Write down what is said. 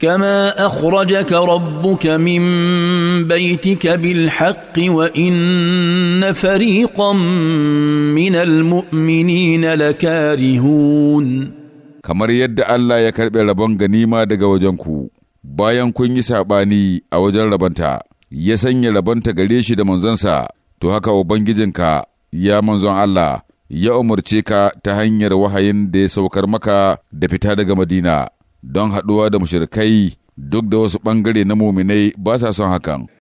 كما اخرجك ربك من بيتك بالحق وان فريقا من المؤمنين لكارهون kamar yadda Allah ya karɓe rabon ganima daga wajenku bayan kun yi saɓani a wajen rabonta ya sanya rabonta gare shi da manzonsa to haka ubangijinka ya manzon Allah ya umarce ka ta hanyar wahayin da ya saukar maka da fita daga Madina don haɗuwa da mashirkai duk da wasu ɓangare na muminai ba sa son hakan.